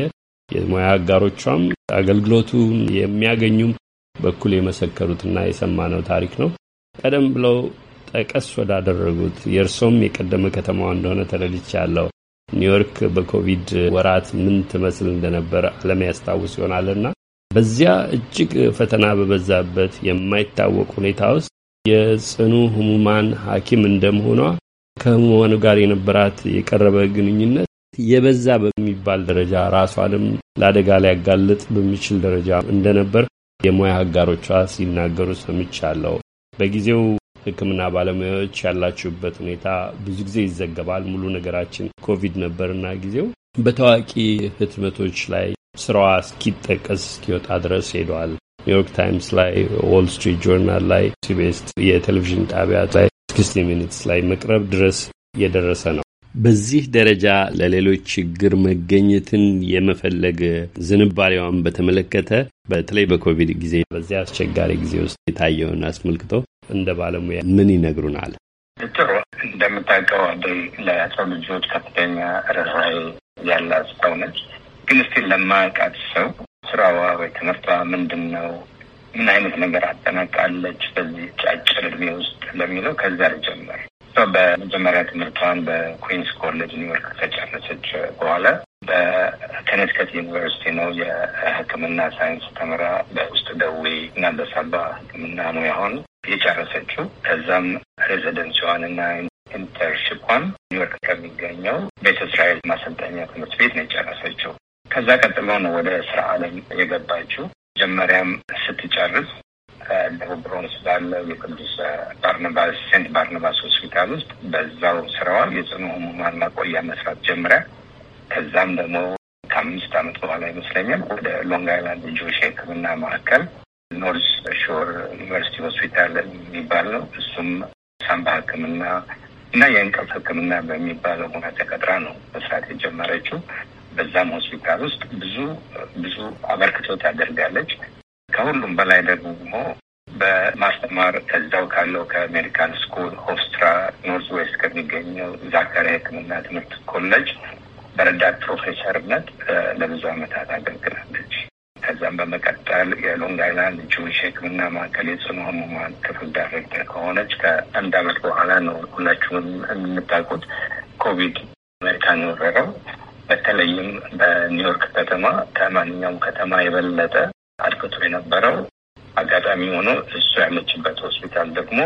የሙያ አጋሮቿም አገልግሎቱን የሚያገኙም በኩል የመሰከሩትና የሰማነው ታሪክ ነው። ቀደም ብለው ጠቀስ ወዳደረጉት የእርሶም የቀደመ ከተማዋ እንደሆነ ተረድቻለሁ። ኒውዮርክ በኮቪድ ወራት ምን ትመስል እንደነበረ ዓለም ያስታውስ ይሆናልና በዚያ እጅግ ፈተና በበዛበት የማይታወቅ ሁኔታ ውስጥ የጽኑ ህሙማን ሐኪም እንደመሆኗ ከህሙማኑ ጋር የነበራት የቀረበ ግንኙነት የበዛ በሚባል ደረጃ ራሷንም ለአደጋ ሊያጋልጥ በሚችል ደረጃ እንደነበር የሙያ አጋሮቿ ሲናገሩ ሰምቻለሁ። በጊዜው ሕክምና ባለሙያዎች ያላችሁበት ሁኔታ ብዙ ጊዜ ይዘገባል። ሙሉ ነገራችን ኮቪድ ነበርና ጊዜው በታዋቂ ህትመቶች ላይ ስራዋ እስኪጠቀስ እስኪወጣ ድረስ ሄደዋል። ኒውዮርክ ታይምስ ላይ፣ ዎል ስትሪት ጆርናል ላይ፣ ሲቤስ የቴሌቪዥን ጣቢያ ላይ፣ ሲክስቲ ሚኒትስ ላይ መቅረብ ድረስ የደረሰ ነው። በዚህ ደረጃ ለሌሎች ችግር መገኘትን የመፈለግ ዝንባሌዋን በተመለከተ በተለይ በኮቪድ ጊዜ በዚያ አስቸጋሪ ጊዜ ውስጥ የታየውን አስመልክቶ እንደ ባለሙያ ምን ይነግሩናል? ጥሩ። እንደምታውቀው አደይ ለሰው ልጆች ከፍተኛ ርኅራኄ ያላት ሰው ነች። ግን እስቲ ለማያውቃት ሰው ስራዋ ወይ ትምህርቷ ምንድን ነው? ምን አይነት ነገር አጠናቃለች በዚህ ጫጭር እድሜ ውስጥ ለሚለው ከዛ ልጀምር። በመጀመሪያ ትምህርቷን በኩዊንስ ኮሌጅ ኒውዮርክ ከጨረሰች በኋላ በከነቲከት ዩኒቨርሲቲ ነው የሕክምና ሳይንስ ተምራ በውስጥ ደዌ እና በሳባ ሕክምና ነው ሆን የጨረሰችው። ከዛም ሬዚደንሲዋን እና ኢንተርንሺኳን ኒውዮርክ ከሚገኘው ቤተ እስራኤል ማሰልጠኛ ትምህርት ቤት ነው የጨረሰችው። ከዛ ቀጥሎ ነው ወደ ስራ ዓለም የገባችው። መጀመሪያም ስትጨርስ ድርድሩን ባለው የቅዱስ ባርናባስ ሴንት ባርነባስ ሆስፒታል ውስጥ በዛው ስራዋ የጽኑ ህሙማን ማቆያ መስራት ጀምሪያ ከዛም ደግሞ ከአምስት አመት በኋላ ይመስለኛል ወደ ሎንግ አይላንድ ጆሽ ህክምና ማዕከል ኖርዝ ሾር ዩኒቨርሲቲ ሆስፒታል የሚባል ነው። እሱም ሳምባ ህክምና እና የእንቅልፍ ህክምና በሚባለው ሁና ተቀጥራ ነው መስራት የጀመረችው። በዛም ሆስፒታል ውስጥ ብዙ ብዙ አበርክቶ ታደርጋለች። ከሁሉም በላይ ደግሞ በማስተማር ከዛው ካለው ከአሜሪካን ስኩል ሆፍስትራ ኖርዝ ዌስት ከሚገኘው ዛካሪያ ሕክምና ትምህርት ኮሌጅ በረዳት ፕሮፌሰርነት ለብዙ ዓመታት አገልግላለች። ከዛም በመቀጠል የሎንግ አይላንድ ጅዊሽ ሕክምና ማዕከል የጽኑ ህሙማን ክፍል ዳይሬክተር ከሆነች ከአንድ ዓመት በኋላ ነው ሁላችሁም የምታውቁት ኮቪድ አሜሪካን የወረረው። በተለይም በኒውዮርክ ከተማ ከማንኛውም ከተማ የበለጠ አድክቶ የነበረው አጋጣሚ ሆኖ እሱ ያመችበት ሆስፒታል ደግሞ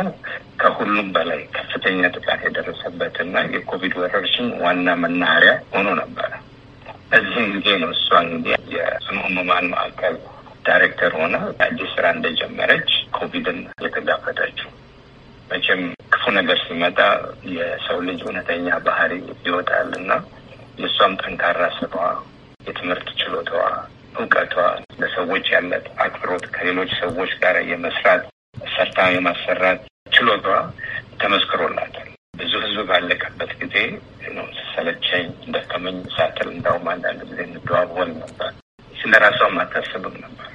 ከሁሉም በላይ ከፍተኛ ጥቃት የደረሰበትና የኮቪድ ወረርሽኝ ዋና መናኸሪያ ሆኖ ነበረ። እዚህ ጊዜ ነው እሷ እንግዲህ የጽኑ ህሙማን ማዕከል ዳይሬክተር ሆና አዲስ ስራ እንደጀመረች ኮቪድን የተጋፈጠችው። መቼም ክፉ ነገር ሲመጣ የሰው ልጅ እውነተኛ ባህሪ ይወጣልና የእሷም ጠንካራ ስራዋ፣ የትምህርት ችሎታዋ እውቀቷ፣ ለሰዎች ያላት አክብሮት፣ ከሌሎች ሰዎች ጋር የመስራት ሰርታ የማሰራት ችሎቷ ተመስክሮላታል። ብዙ ህዝብ ባለቀበት ጊዜ ነው ሰለቸኝ ደከመኝ ሳትል እንዳውም አንዳንድ ጊዜ እንደዋወል ነበር። ስለ ራሷም አታስብም ነበር።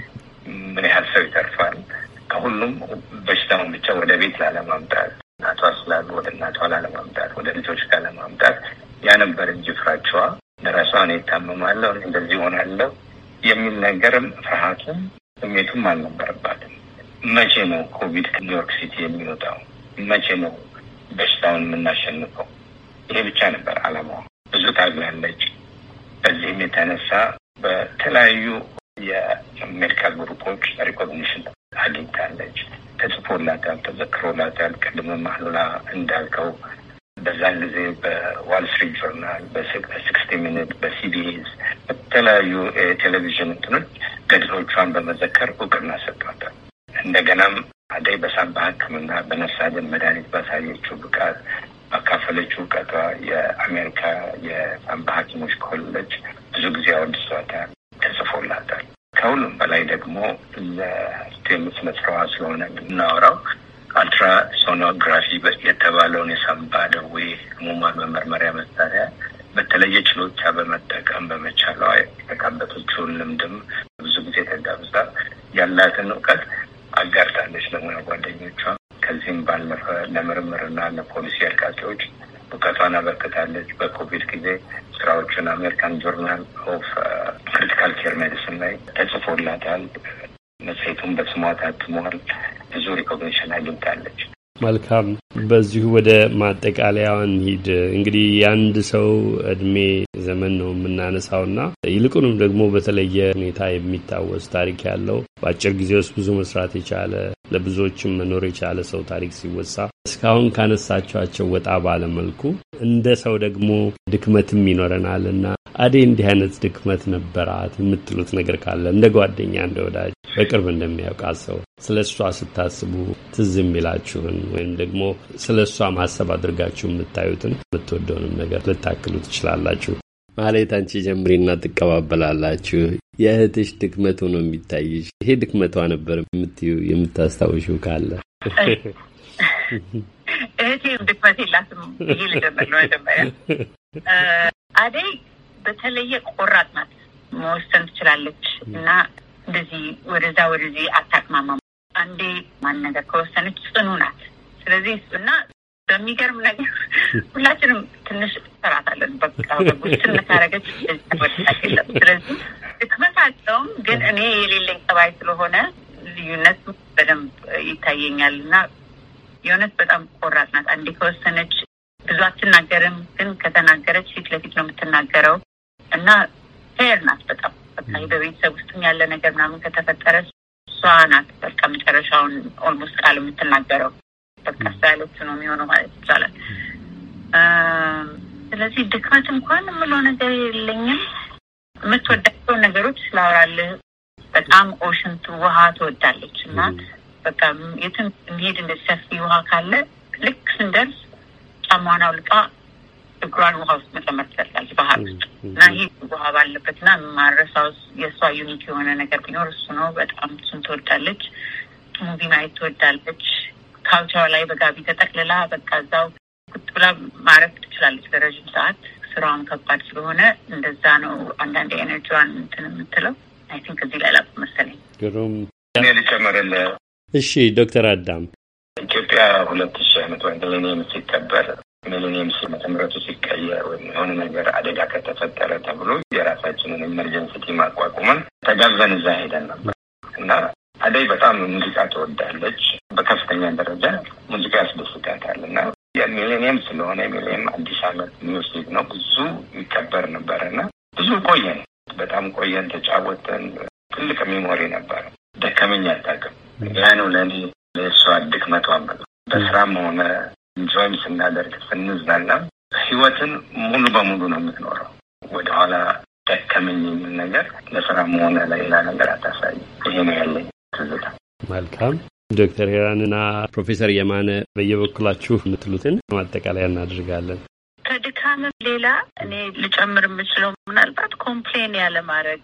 ምን ያህል ሰው ይተርፋል? ከሁሉም በሽታውን ብቻ ወደ ቤት ላለማምጣት እናቷ ስላሉ ወደ እናቷ ላለማምጣት ወደ ልጆች ላለማምጣት ያ ነበር እንጂ ፍራቸዋ ለራሷ እኔ እታመማለሁ እንደዚህ ሆናለሁ የሚል ነገርም ፍርሃቱም ስሜቱም አልነበረባትም። መቼ ነው ኮቪድ ኒውዮርክ ሲቲ የሚወጣው? መቼ ነው በሽታውን የምናሸንፈው? ይሄ ብቻ ነበር አላማዋ። ብዙ ታግላለች። በዚህም የተነሳ በተለያዩ የአሜሪካ ግሩፖች ሪኮግኒሽን አግኝታለች። ተጽፎላታል፣ ተዘክሮላታል። ቅድም ማህሉላ እንዳልከው በዛን ጊዜ በዋል ስትሪት ጆርናል፣ በሲክስቲ ሚኒት፣ በሲቢኤስ በተለያዩ የቴሌቪዥን እንትኖች ገድሎቿን በመዘከር እውቅና ሰጥቷታል። እንደገናም አደይ በሳንባ ሕክምና በነፍስ አድን መድኃኒት ባሳየችው ብቃት ባካፈለችው እውቀቷ የአሜሪካ የሳንባ ሐኪሞች ኮሌጅ ብዙ ጊዜ አወድሷታል፣ ተጽፎላታል። ከሁሉም በላይ ደግሞ ለስቴምስ መስረዋ ስለሆነ የምናወራው አልትራ ሶኖግራፊ የተባለውን የሳምባ ደዌ ህሙማን መመርመሪያ መሳሪያ በተለየ ችሎታ በመጠቀም በመቻሏ የተካበቶቹን ልምድም ብዙ ጊዜ ተጋብዛ ያላትን እውቀት አጋርታለች ለሙያ ጓደኞቿ። ከዚህም ባለፈ ለምርምርና ለፖሊሲ አርቃቂዎች እውቀቷን አበርክታለች። በኮቪድ ጊዜ ስራዎችን አሜሪካን ጆርናል ኦፍ ክሪቲካል ኬር ሜዲሲን ላይ ተጽፎላታል። መጽሔቱም በስሟ ታትሟል። ብዙ ሪኮግኒሽን አግኝታለች። መልካም፣ በዚሁ ወደ ማጠቃለያው እንሂድ። እንግዲህ የአንድ ሰው እድሜ ዘመን ነው የምናነሳው ና ይልቁንም ደግሞ በተለየ ሁኔታ የሚታወስ ታሪክ ያለው በአጭር ጊዜ ውስጥ ብዙ መስራት የቻለ ለብዙዎችም መኖር የቻለ ሰው ታሪክ ሲወሳ እስካሁን ካነሳችኋቸው ወጣ ባለመልኩ እንደ ሰው ደግሞ ድክመትም ይኖረናል እና አዴ እንዲህ አይነት ድክመት ነበራት የምትሉት ነገር ካለ እንደ ጓደኛ፣ እንደ ወዳጅ፣ በቅርብ እንደሚያውቃት ሰው ስለ እሷ ስታስቡ ትዝ የሚላችሁን ወይም ደግሞ ስለ እሷ ማሰብ አድርጋችሁ የምታዩትን የምትወደውንም ነገር ልታክሉ ትችላላችሁ። ማለት አንቺ ጀምሪና ትቀባበላላችሁ። የእህትሽ ድክመቱ ሆኖ የሚታይሽ። ይሄ ድክመቷ ነበር የምትዩ የምታስታውሽው ካለ እህቴ ድክመት የላትም ይሄ ልጀምር ነው መጀመሪያ አደይ በተለየ ቆራጥ ናት፣ መወሰን ትችላለች እና እንደዚህ ወደዛ ወደዚህ አታቅማማ። አንዴ ማን ነገር ከወሰነች ጽኑ ናት። ስለዚህ እና በሚገርም ነገር ሁላችንም ትንሽ ሰራታለን። በጉስን ታረገች ወደታች የለም። ስለዚህ ድክመታቸውም ግን እኔ የሌለኝ ጠባይ ስለሆነ ልዩነት በደንብ ይታየኛል እና የእውነት በጣም ቆራጥ ናት። አንዴ ከወሰነች ብዙ አትናገርም፣ ግን ከተናገረች ፊት ለፊት ነው የምትናገረው። እና ፌር ናት በጣም በቃ በቤተሰብ ውስጥም ያለ ነገር ምናምን ከተፈጠረ እሷ ናት በቃ መጨረሻውን ኦልሞስት ቃል የምትናገረው በቃ ስታይሎቹ ነው የሚሆነው ማለት ይቻላል። ስለዚህ ድክመት እንኳን የምለው ነገር የለኝም። የምትወዳቸው ነገሮች ስላወራልህ በጣም ኦሽንቱ ውሃ ትወዳለች እና በቃ የትም እንሄድ እንደዚህ ሰፊ ውሃ ካለ ልክ ስንደርስ ጫማዋን አውልቃ ችግሯን ውሃ ውስጥ መጨመር ትችላለች ባህር ውስጥ እና ይህ ውሃ ባለበት ና ማረሳ የእሷ ዩኒክ የሆነ ነገር ቢኖር እሱ ነው። በጣም እሱን ትወዳለች። ሙቪ ማየት ትወዳለች። ካውቻዋ ላይ በጋቢ ተጠቅልላ በቃ እዛው ቁጥ ብላ ማረፍ ትችላለች ለረዥም ሰዓት። ስራዋም ከባድ ስለሆነ እንደዛ ነው አንዳንድ ኤነርጂዋን እንትን የምትለው አይ ቲንክ እዚህ ላይ ላቁ መሰለኝ። ግሩም እኔ ልጨምርልህ። እሺ ዶክተር አዳም ኢትዮጵያ ሁለት ሺህ ዓመት ወንድልን ሲከበር ሚሊኒየም ሺ ዓመተ ሲቀየር ወይም የሆነ ነገር አደጋ ከተፈጠረ ተብሎ የራሳችንን ኢመርጀንሲቲ ማቋቁመን ተጋብዘን እዛ ሄደን ነበር እና አደይ በጣም ሙዚቃ ትወዳለች። በከፍተኛ ደረጃ ሙዚቃ ያስደስታታል እና የሚሌኒየም ስለሆነ የሚሌኒየም አዲስ ዓመት ሚውሲክ ነው ብዙ ይከበር ነበር እና ብዙ ቆየን፣ በጣም ቆየን፣ ተጫወተን። ትልቅ ሜሞሪ ነበር። ደከመኝ አታውቅም። ያ ነው ለእኔ ለእሷ ድክመቷ በስራም ሆነ ኢንጆይ ስናደርግ ስንዝናና ህይወትን ሙሉ በሙሉ ነው የምትኖረው። ወደኋላ ደከመኝ የሚል ነገር ለስራም ሆነ ለሌላ ነገር አታሳይ። ይሄ ነው ያለኝ ትዝታ። መልካም ዶክተር ሄራንና ፕሮፌሰር የማነ በየበኩላችሁ የምትሉትን ማጠቃለያ እናድርጋለን። ከድካም ሌላ እኔ ልጨምር የምችለው ምናልባት ኮምፕሌን ያለማድረግ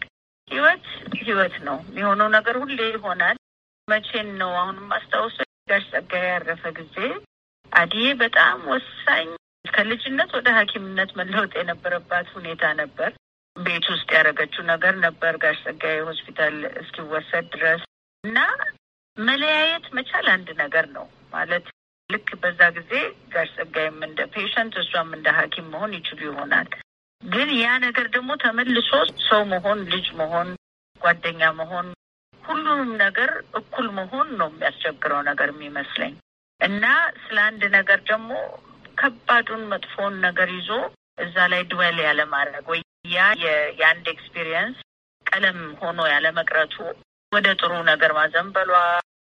ህይወት ህይወት ነው። የሆነው ነገር ሁሌ ይሆናል። መቼን ነው አሁንም አስታውሶ ጋሽ ጸጋዬ ያረፈ ጊዜ አዲዬ በጣም ወሳኝ ከልጅነት ወደ ሐኪምነት መለወጥ የነበረባት ሁኔታ ነበር። ቤት ውስጥ ያደረገችው ነገር ነበር ጋሽ ጸጋዬ ሆስፒታል እስኪወሰድ ድረስ እና መለያየት መቻል አንድ ነገር ነው ማለት ልክ በዛ ጊዜ ጋሽ ጸጋዬም እንደ ፔሸንት እሷም እንደ ሐኪም መሆን ይችሉ ይሆናል። ግን ያ ነገር ደግሞ ተመልሶ ሰው መሆን፣ ልጅ መሆን፣ ጓደኛ መሆን ሁሉንም ነገር እኩል መሆን ነው የሚያስቸግረው ነገር የሚመስለኝ። እና ስለ አንድ ነገር ደግሞ ከባዱን መጥፎውን ነገር ይዞ እዛ ላይ ድወል ያለማድረግ ወይ ያ የአንድ ኤክስፒሪየንስ ቀለም ሆኖ ያለመቅረቱ ወደ ጥሩ ነገር ማዘንበሏ፣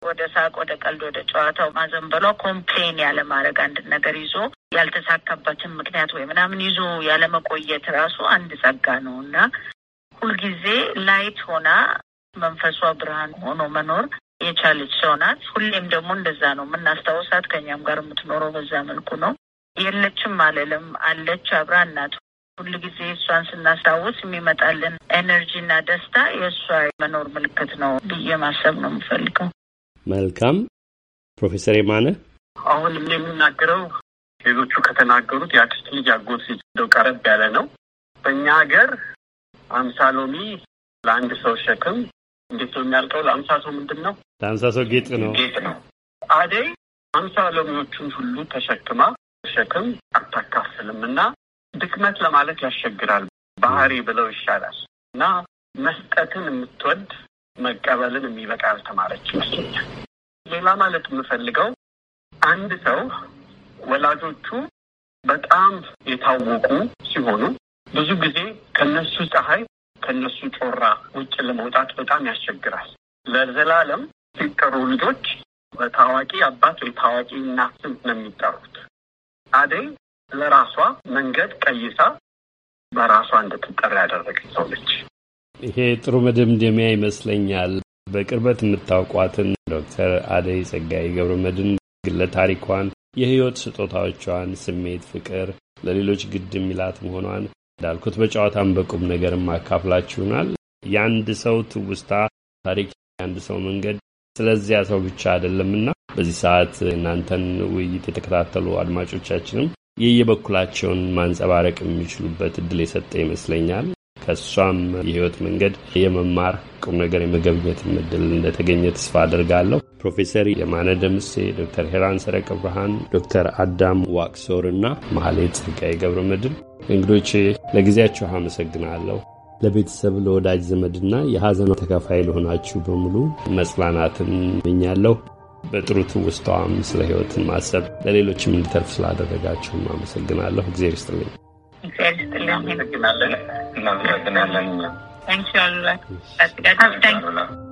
ወደ ሳቅ፣ ወደ ቀልድ፣ ወደ ጨዋታው ማዘንበሏ፣ ኮምፕሌን ያለማድረግ አንድ ነገር ይዞ ያልተሳካበትን ምክንያት ወይ ምናምን ይዞ ያለመቆየት ራሱ አንድ ጸጋ ነው እና ሁልጊዜ ላይት ሆና መንፈሷ ብርሃን ሆኖ መኖር የቻለች ሰው ናት። ሁሌም ደግሞ እንደዛ ነው የምናስታውሳት። ከኛም ጋር የምትኖረው በዛ መልኩ ነው። የለችም አለልም አለች አብራ እናት። ሁል ጊዜ እሷን ስናስታውስ የሚመጣልን ኤነርጂና ደስታ የእሷ መኖር ምልክት ነው ብዬ ማሰብ ነው የምፈልገው። መልካም ፕሮፌሰር የማነ አሁን የሚናገረው ሌሎቹ ከተናገሩት የአክስት ልጅ አጎት ልጅ እንደው ቀረብ ያለ ነው። በእኛ ሀገር አምሳ ሎሚ ለአንድ ሰው ሸክም እንዴት ነው የሚያልቀው? ለአምሳ ሰው ምንድን ነው? ለአምሳ ሰው ጌጥ ነው፣ ጌጥ ነው። አደይ አምሳ ሎሚዎቹን ሁሉ ተሸክማ ሸክም አታካፍልም እና ድክመት ለማለት ያስቸግራል። ባህሪ ብለው ይሻላል እና መስጠትን የምትወድ መቀበልን የሚበቃ ያልተማረች ይመስለኛል። ሌላ ማለት የምፈልገው አንድ ሰው ወላጆቹ በጣም የታወቁ ሲሆኑ ብዙ ጊዜ ከነሱ ፀሐይ ከነሱ ጮራ ውጭ ለመውጣት በጣም ያስቸግራል። ለዘላለም ሲጠሩ ልጆች በታዋቂ አባት ወይ ታዋቂ እናት ስም ነው የሚጠሩት። አደይ ለራሷ መንገድ ቀይሳ በራሷ እንድትጠራ ያደረገች ሰው ነች። ይሄ ጥሩ መደምደሚያ ይመስለኛል። በቅርበት የምታውቋትን ዶክተር አደይ ጸጋይ ገብረ መድን ግለ ታሪኳን፣ የህይወት ስጦታዎቿን፣ ስሜት፣ ፍቅር፣ ለሌሎች ግድ የሚላት መሆኗን እንዳልኩት በጨዋታም በቁም ነገርም አካፍላችሁናል። የአንድ ሰው ትውስታ ታሪክ፣ የአንድ ሰው መንገድ ስለዚያ ሰው ብቻ አይደለምና በዚህ ሰዓት እናንተን ውይይት የተከታተሉ አድማጮቻችንም የየበኩላቸውን ማንጸባረቅ የሚችሉበት እድል የሰጠ ይመስለኛል። ከእሷም የህይወት መንገድ የመማር ቁም ነገር የመገብኘት እድል እንደተገኘ ተስፋ አድርጋለሁ። ፕሮፌሰር የማነ ደምሴ፣ ዶክተር ሄራን ሰረቀ ብርሃን፣ ዶክተር አዳም ዋቅሶር እና መሐሌት ጸጋዬ ገብረ መድኅን እንግዶቼ ለጊዜያችሁ አመሰግናለሁ። ለቤተሰብ ለወዳጅ ዘመድና የሐዘኑ ተካፋይ ለሆናችሁ በሙሉ መጽናናትን እመኛለሁ። በጥሩ ትውስታዋም ስለ ህይወትን ማሰብ ለሌሎችም እንዲተርፍ ስላደረጋችሁም አመሰግናለሁ። እግዚአብሔር ይስጥልኝ። እናመሰግናለን። እናመሰግናለን።